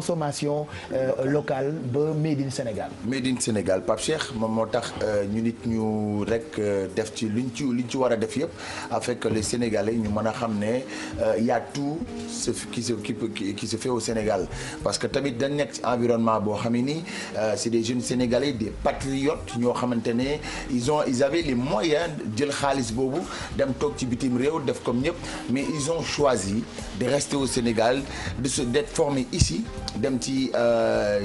consommation euh, locale ba made in Sénégal. made in Sénégal Pape Cheikh moom moo tax euh, ñu nit ñu rek euh, def ci lu liñ ci liñ ci war a def yëpp afin que les Sénégalais ñu mën a xam ne y a tout ce qui se qui se fait au Sénégal parce que tamit dañ nekk ci environnement boo xam ne nii c'est des jeunes Sénégalais des patriotes ñoo xamante ne ils ont ils avaient les moyens jël xaalis boobu dem toog ci bitim réew def comme ñëpp mais ils ont choisi de rester au Sénégal de se d'être formés ici. dem ci euh,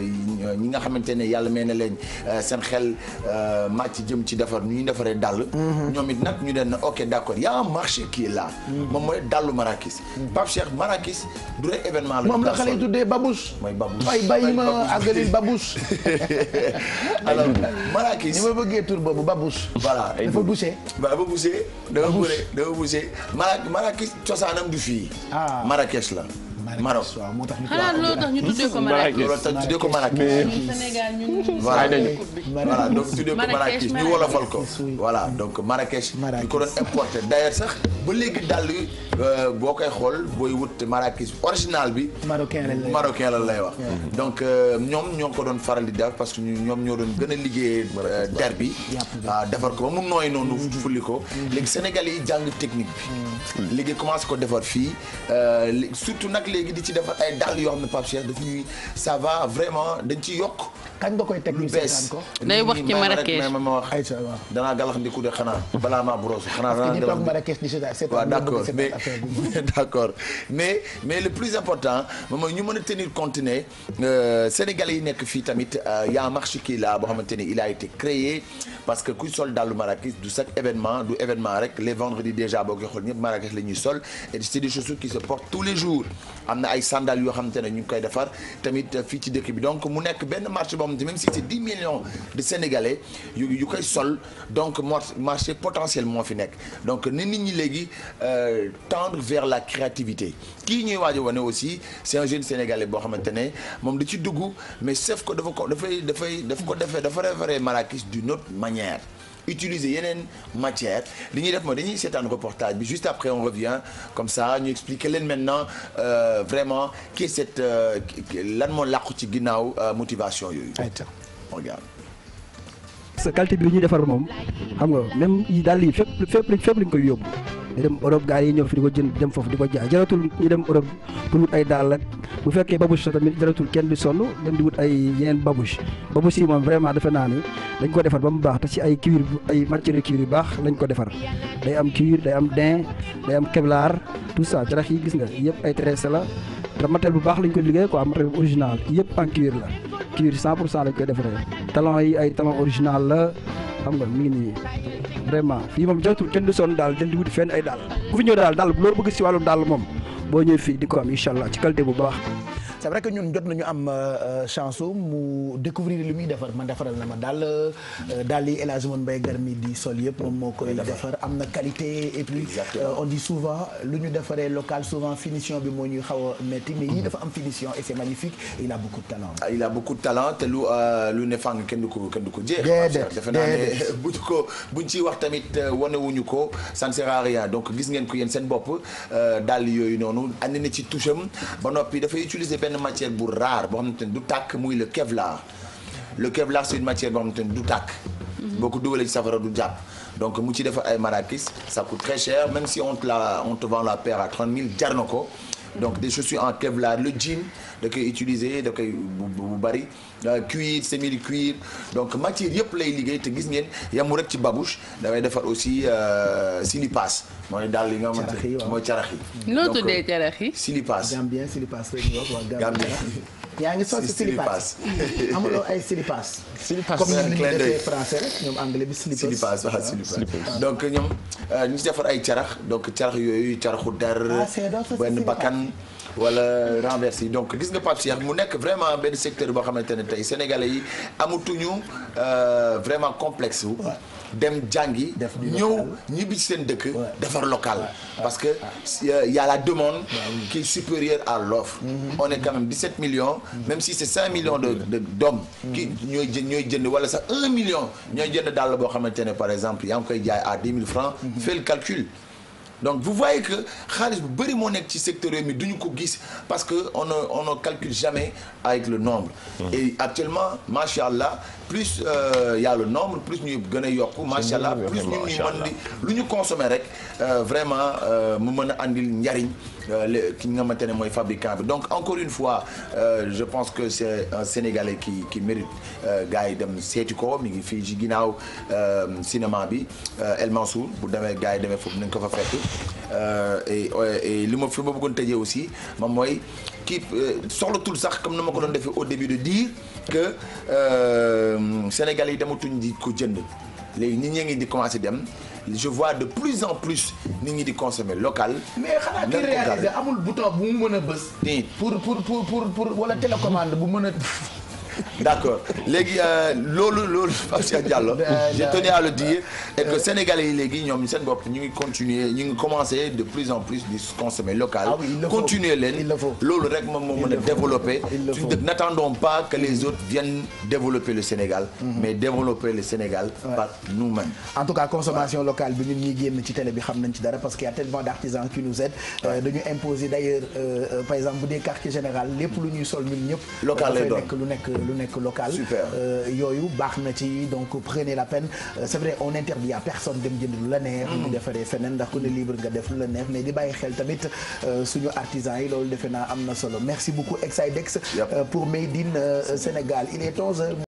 ñi nga xamante ne yàlla mee na leen euh, seen xel euh, màcc jëm ci defar ñu ngi defaree dàll. Mhm. ñoom it nag ñu den ok d' accord y' marché kii est mhm. moom mooy dàllu Marrakech. Mhm. Pape Cheikh Marrakech du rek événement la. moom la xale yi tuddee Babous. mooy Babous ay bàyyi ma àggalil Babous. alors Marrakech ni ma bëggee tur boobu Babous. voilà dafa bouché. waaw dafa bouché dafa bouché dafa bouché Marrakech cosaanam du fii. Ah. Marrakech la. Maroc moo tax ñu. loolu tax ñu tuddee ko Marrakech loolu tax tuddee ko Marrakech. voilà ko Marrakech ñu wolofal ko. voilà donc Marrakech. ñu ko doon importé d'ailleurs sax ba léegi dàll euh, boo koy xool booy wut Marrakech original bi. marocain lañ lay wax marocain lañ lay wax. donc euh, ñoom ñoo ko doon faral di def parce que ñoom ñoo doon gën a liggéey euh, der bi. Ah, defar ko ba mu nooy noonu. Mm-hmm. fulli ko mm-hmm. léegi Sénégal yi jàng technique bi. Mm-hmm. léegi commencé ko defar fii surtout nag léegi. léegi di ci defar ay dàll yoo xam ne Pape Cheikh daf ñuy ça va vraiment dañ ci yokk. kañ nga koy teg ñu seetaan ko day wax ci Marrakech ma ma wax ayca waaw. danaa galaxandiku de xanaa balaa maa brosse xanaa. danaa galaxandiku parce que ñi toog Marrakech di seetaan waaw d' accord mais d' accord mais mais le plus important moom mooy ñu mën a tenir compte ne euh, Sénégalais yi nekk fii tamit euh, y' a marché kii là boo xamante ni il a été créé parce que kuy sol dàllu Marrakech du chaque événement du événement rek les vendredis déjà boo koy xool ñëpp Marrakech la ñuy sol et c' est des chaussures qui se portent tous les jours. am na ay sandales yoo xamante ne ñu ngi koy defar tamit fii ci dëkk bi donc mu nekk benn marché boo xamante même si c'est dix millions de sénégalais yu yu koy sol donc marché potentiel moo fi nekk donc ne nit ñi léegi euh, tendre vers la créativité kii ñuy waaj wane aussi c'est un jeune boo xamante ne moom da ci dugg mais sef ko dafa ko dafay dafay daf ko defee dafa référé Marrakech d'une autre manière utiliser yeneen matière li ñuy def mooy dañuy seetaan reportage bi juste après on revient comme ça ñu expliquer leen maintenant euh, vraiment qui euh, lan moo làqu ci ginnaaw euh, motivation yooyu. on regarde. sa qualité bi ñuy defar moom xam nga même yi daal yi fépp fépp fépp lañ koy yóbbu. di dem Europe gars yi ñëw fi di ko jën dem foofu di ko jaay jaratul ñu dem Europe pour wut ay daal ak bu fekkee babouche tamit jaratul kenn di sonn dem di wut ay yeneen babouche babouche yi moom vraiment defe naa ni dañ ko defar ba mu baax te ci ay cuir ay matière cuir yu baax lañ ko defar day am cuir day am daim day am kevlar tout ça jarax yi gis nga yëpp ay tressé la te matériel bu baax lañ ko liggéey quoi matériel original yëpp en cuir la cuir 100 pour cent lañ koy defaree talon yi ay talon original la xam nga mu ngi nii vraiment fii moom jaratul kenn du sonn daal dem di wut fenn ay daal ku fi si wàllum daal moom boo ñëwee fii di ko am incha allah ci qualité bu baax. c'est vrai que ñun jot nañu am euh, euh, chance mu découvrir li muy defar ma defaral na ma dal euh, dal yi El Hadj Moon Mbaye Garmi di sol yëpp moom moo koy defar am na qualité et puis on dit souvent lu ñu defaree local souvent finition bi moo ñu xaw a metti mais yii dafa am finition et c'est magnifique il a beaucoup de talent ah, il a beaucoup de talent te lu ne fàng kenn du ko kenn du ko jeex defe naa ne buñu ko buñ ciy wax tamit wanewuñu ko ça ne donc gis ngeen ko yéen seen bopp daal yooyu noonu andi ci touche am benn matière bu rare boo xamante ne du tàkk muy le kevlar le kevlar c'est une matière boo xamante ne du tàkk. Mhm. boo ko dugalee ci safara du jàpp. donc mu ci defar ay marakis ça coûte très cher même si on te la on te vend la paire à 30 000 jar na ko. donc des chaussures en kevlar le jean da koy utiliser da koy bu bari euh, cuir semi cuir donc matière yëpp lay liggéey te gis ngeen yamu rek ci babouche dafay defar aussi euh, silipas mooy daal li nga xamante mooy carax yi. noo tuddee carax yi. Euh, silipas Gambien silipas rek ñu wax waa Gambien. yaa ngi sol si silipaas amuloo ay silipaas. silipaas comme ñoom ni ñu defee français rek ñoom anglais bi silipaas. silipaas donc ñoom euh, ñu si defar ay carax donc carax yooyu caraxu ah, dar benn bakkan wala renverse yi donc gis nga Pape Cheikh mu nekk vraiment benn secteur boo xamante ne tey sénégale yi amatuñu euh, vraiment complexe wu. dem jàngi. ñëw ñibbi ci seen dëkk. defar local parce que euh, y a la demande. qui est supérieure à l'offre. Mhm. on est quand même million millions. Mhm. si c'est 5 de dom d'hommes. Mhm. qui ñooy jë ñooy jënd wala sax 1 million. ñooy jënd dàll boo xamante ne par exemple yaa ngi koy jaay à 10 000 francs. fais calcul. donc vous voyez que xaalis bu bëri moo nekk ci secteur yooyu mi duñu ko gis parce que on ne on ne calcule jamais avec le nombre mmh. et actuellement macha allah plus euh, y le nombre plus ñuy gën a yokk macha allah plus ñu ñuy mën lu ñu consommer rek euh, vraiment euh, mu mën a andil njariñ euh, ki nga xamante ne mooy fabricant bi donc encore une fois euh, je pense que c'est un Sénégalais qui qui gars yi dem seeti ko mi ngi fii ci ginnaaw cinéma bi element Mansour bu demee gars yi demee foofu nañ ko fa fekk Euh, et li ma fi ma bëggoon tëjee aussi moom mooy kii euh, soxlatul sax comme na ma ko doon defee au début de dire que euh, Sénégal yi dematuñ di ko jënd léegi nit ñi ngi di commencé dem je vois de plus en plus nit ñi di consommer local. mais xanaa kii réaliser amul bouton bu mu mën a bës. pour pour pour pour wala télécommander bu mën a. d'accord léegi euh, loolu loolu Pape Cheikh Diallo euh, je tenais à le dire et que euh. sénégalais yi léegi ñoom seen bopp ñu ngi continuer ñu ngi commencer de plus en plus di consommer local ah continuer leen loolu rek moom moo mën a développer n'attendons pas que les mm-hmm. autres viennent développer le Sénégal mm-hmm. mais développer le Sénégal par nous-mêmes en tout cas consommation locale bi ñun ñuy génn ci télé bi xam nañ ci dara parce qu'il y a tellement d'artisans qui nous aident dañu imposer d'ailleurs par exemple bu dee quartier général lépp lu ñuy sol ñun ñëpp local lay lu nekk lu nekk local. Euh, yooyu baax na ci donc prenez la pen euh, c'est vrai on interdit à personne dem jënd lu la neex. mu mm. defaree feneen ndax ku ne libre nga def lu la neex mais di bàyyi xel tamit euh, suñu artisans yi loolu defe naa am na solo merci beaucoup Exidex pour Made in Sénégal il est 11h.